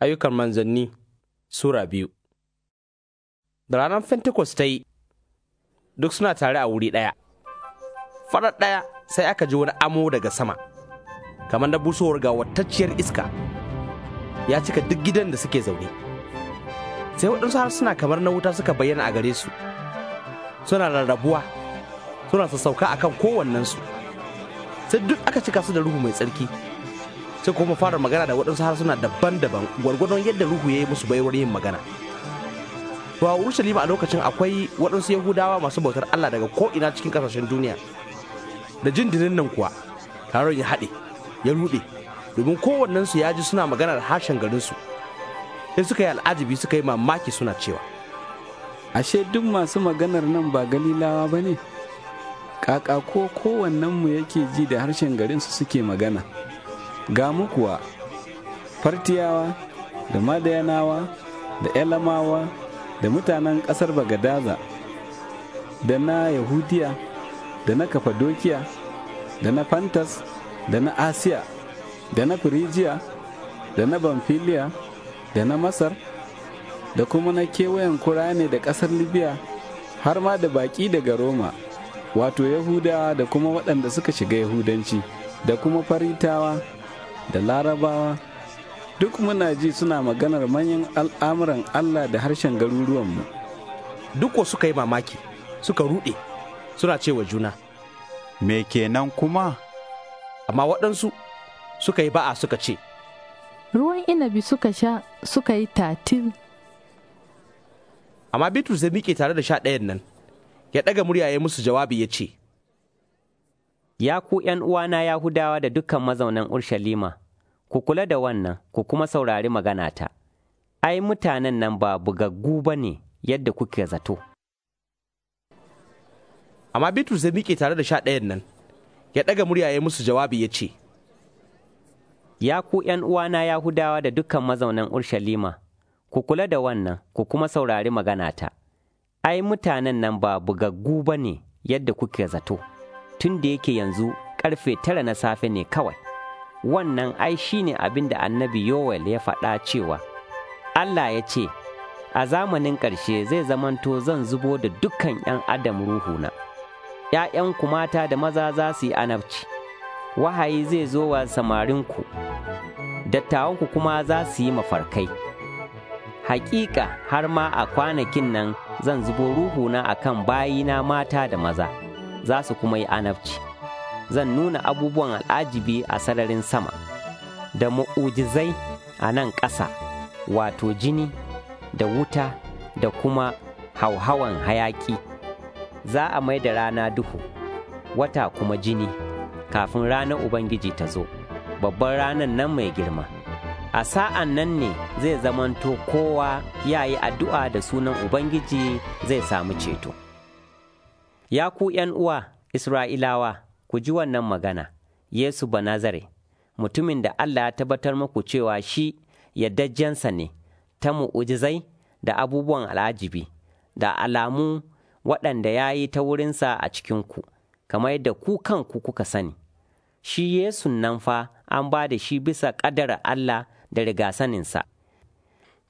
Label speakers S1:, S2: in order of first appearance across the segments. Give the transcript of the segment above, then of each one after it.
S1: Ayyukan manzanni Sura biyu Da ranar Fentikus ta yi, duk suna tare a wuri ɗaya. Faɗar ɗaya sai aka ji wani amo daga sama, kamar da busowar ga watacciyar iska ya cika duk gidan da suke zaune. Sai waɗansu har suna kamar na wuta suka bayyana a gare su, suna rarrabuwa, suna sassauka a kan kowannensu. Sai duk aka cika su da ruhu mai tsarki. sai kuma fara magana da waɗansu harsuna daban-daban gwargwadon yadda ruhu ya yi musu baiwar yin magana to a urushalima a lokacin akwai waɗansu yahudawa masu bautar allah daga ko'ina cikin ƙasashen duniya da jin dinin nan kuwa taron ya haɗe ya ruɗe domin kowannensu ya ji suna magana da harshen
S2: garinsu sai suka yi al'ajabi suka yi mamaki suna cewa ashe duk masu maganar nan ba galilawa ba ne kaka ko kowannenmu yake ji da harshen garinsu suke magana ga mukuwa, fartiyawa da madayanawa da elamawa da mutanen ƙasar bagadaza da na yahudiya da na kafadokiya da na fantas da na asiya da na firijiya da na bamfiliya da na masar da kuma na kewayen ne da ƙasar libya har ma da baƙi daga roma wato yahudawa da kuma waɗanda suka shiga yahudanci da kuma faritawa da larabawa duk muna ji suna maganar manyan al'amuran Allah da harshen garuruwanmu. Duk
S1: wa suka yi mamaki, suka rude suna cewa juna. Me kenan kuma? Amma waɗansu suka yi ba'a suka ce.
S2: Ruwan inabi suka sha suka yi tatil.
S1: Amma Bitrus zai miƙe tare da
S3: sha ɗayan nan, ya ɗaga murya ya musu jawabi ya ce, Ya ku ’yan uwana Yahudawa da dukan mazaunan Urshalima, ku kula da wannan, ku kuma saurari maganata. Ai, mutanen nan ba bugaggu ba ne yadda kuke zato. Amma Bitrus zai miƙe tare da sha ɗayan nan, ya ɗaga murya ya musu jawabi ya ce, Ya ku ’yan uwana Yahudawa da dukan mazaunan Urshalima, ku kula da wannan, ku kuma saurari maganata. Ai, mutanen nan ba bugaggu ba ne yadda kuke zato. tun da yake yanzu karfe tara na safe ne kawai. Wannan ai shi ne abin da annabi Yowel ya faɗa cewa, Allah ya ce, A zamanin ƙarshe zai zamanto zan zubo da dukkan ’yan adam ruhuna, ’ya'yanku mata da maza za su yi anabci, wahayi zai zo wa samarinku, dattawanku kuma za su yi mafarkai. Hakika har ma a kwanakin nan zan zubo ruhuna a kan bayina mata da maza. za su kuma yi anabci zan nuna abubuwan al'ajibi a sararin sama da mu'ujizai a nan ƙasa wato jini da wuta da kuma hauhawan hayaƙi za a mai da rana duhu wata kuma jini kafin ranar ubangiji ta zo babban ranar nan mai girma a sa'an nan ne zai zamanto kowa ya yi addu'a da sunan ubangiji zai samu ceto. Ya ku ’yan uwa, Isra'ilawa, ku ji wannan magana, Yesu Banazare, mutumin da Allah ya tabbatar muku cewa shi yadajjensa ne ta mu'ujizai da abubuwan al'ajibi, da alamu waɗanda ya yi ta wurinsa a cikinku, kamar yadda ku kanku kuka sani. Shi Yesu nan fa an ba da shi bisa ƙadar Allah da rigasaninsa.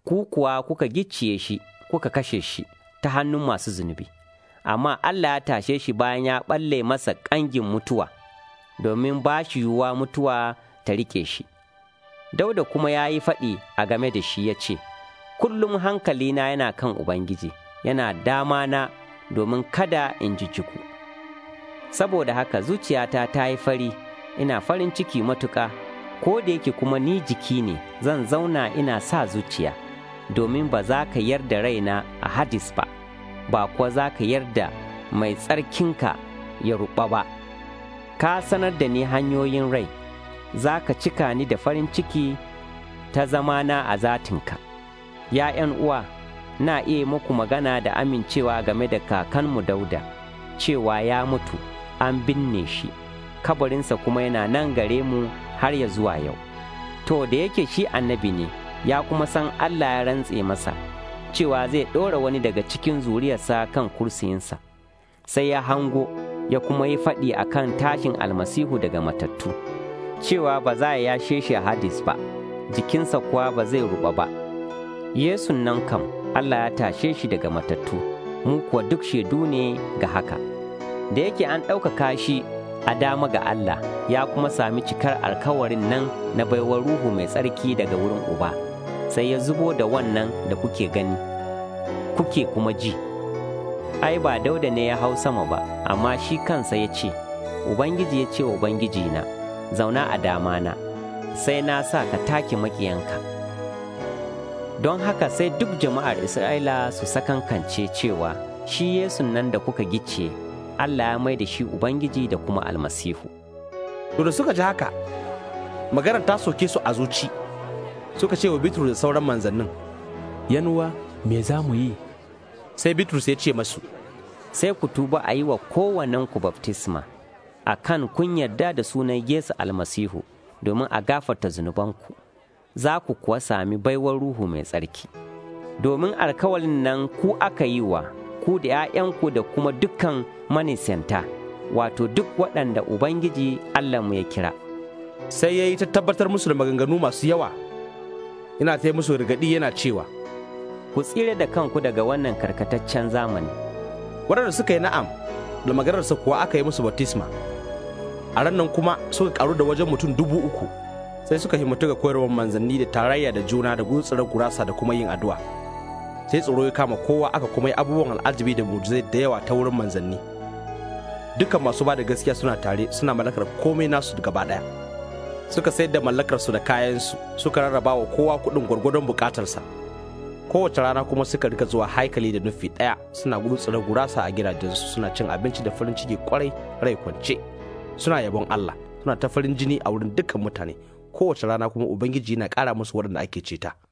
S3: Ku kuwa kuka gicciye shi, kuka kashe shi ta hannun masu zunubi. amma Allah ya tashe shi bayan ya ɓalle masa ƙangin mutuwa, domin ba shi yiwuwa mutuwa ta riƙe shi. Dauda kuma ya yi faɗi a game da shi ya ce, Kullum hankalina yana kan Ubangiji, yana dama na domin kada in ji jiku. Saboda haka zuciyata ta yi fari, ina farin ciki matuƙa, ko da yake kuma ni jiki ne zan zauna ina sa zuciya, domin ba za ka yarda raina a hadis ba. ba kuwa za ka yarda mai tsarkinka ya ruɓa ba ka sanar da ni hanyoyin rai za ka cika ni da farin ciki ta zamana a zatinka ya 'yan uwa na iya muku magana da amincewa game da kakanmu dauda cewa ya mutu an binne shi kabarinsa kuma yana nan gare mu har ya zuwa yau to da yake shi annabi ne ya kuma san allah ya rantse masa cewa zai ɗora wani daga cikin zuriyarsa kan kursiyinsa, sai ya hango ya kuma yi faɗi a kan tashin almasihu daga matattu, cewa ba za ya yashe shi hadis ba, jikinsa kuwa ba zai ruɓa ba. Yesu nan kam Allah ya tashe shi daga matattu, mu kuwa duk shaidu ne ga haka. Da yake an ɗaukaka shi a dama ga Allah, ya kuma sami cikar alkawarin nan na baiwar Ruhu mai tsarki daga wurin Uba. sai ya zubo da wannan da kuke gani kuke kuma ji ai ba dauda ne ya hau sama ba amma shi kansa ya ce ubangiji ya ce wa Ubangiji na, zauna a damana sai na sa ka take makiyanka don haka sai duk jama'ar isra'ila su sakankance cewa shi Yesu nan da kuka gice allah ya mai da shi ubangiji da kuma almasihu Dole suka ji haka magana ta soke su a zuci suka ce wa Bitrus da sauran manzannin, Yanuwa, me za mu yi? Sai Bitrus ya ce masu, Sai ku tuba a yi wa ku baftisma, a kan kun yarda da sunan Yesu almasihu domin a gafarta zunubanku, za ku kuwa sami baiwar ruhu mai tsarki. Domin alkawalin nan ku aka yi wa, ku da ‘ya'yanku da kuma dukkan manisanta, wato duk waɗanda Ubangiji Allahnmu ya kira. Sai ya yi ta tabbatar musu da maganganu masu yawa.
S1: Ina ta musu rigadi yana cewa ku tsire da kanku daga wannan karkataccen zamani waɗanda suka yi na'am da sa kuwa aka yi musu batisma a ranar kuma suka karu da wajen mutum dubu uku sai suka himmatu ga koyarwar manzanni da tarayya da juna da gutsura gurasa da kuma yin addu'a sai tsoro ya kama kowa aka kuma yi abubuwan al'ajabi da mujizai da yawa ta wurin manzanni dukan masu ba da gaskiya suna tare suna mallakar komai nasu gaba ɗaya. suka sayar da mallakarsu da kayansu suka rarraba wa kowa kuɗin gwargwadon bukatarsa kowace rana kuma suka rika zuwa haikali da nufi ɗaya suna gutsura gurasa a gidajensu suna cin abinci da farin ciki kwarai rai kwance suna yabon Allah suna ta farin jini a wurin dukkan mutane kowace rana kuma ubangiji yana ƙara musu waɗanda ake ceta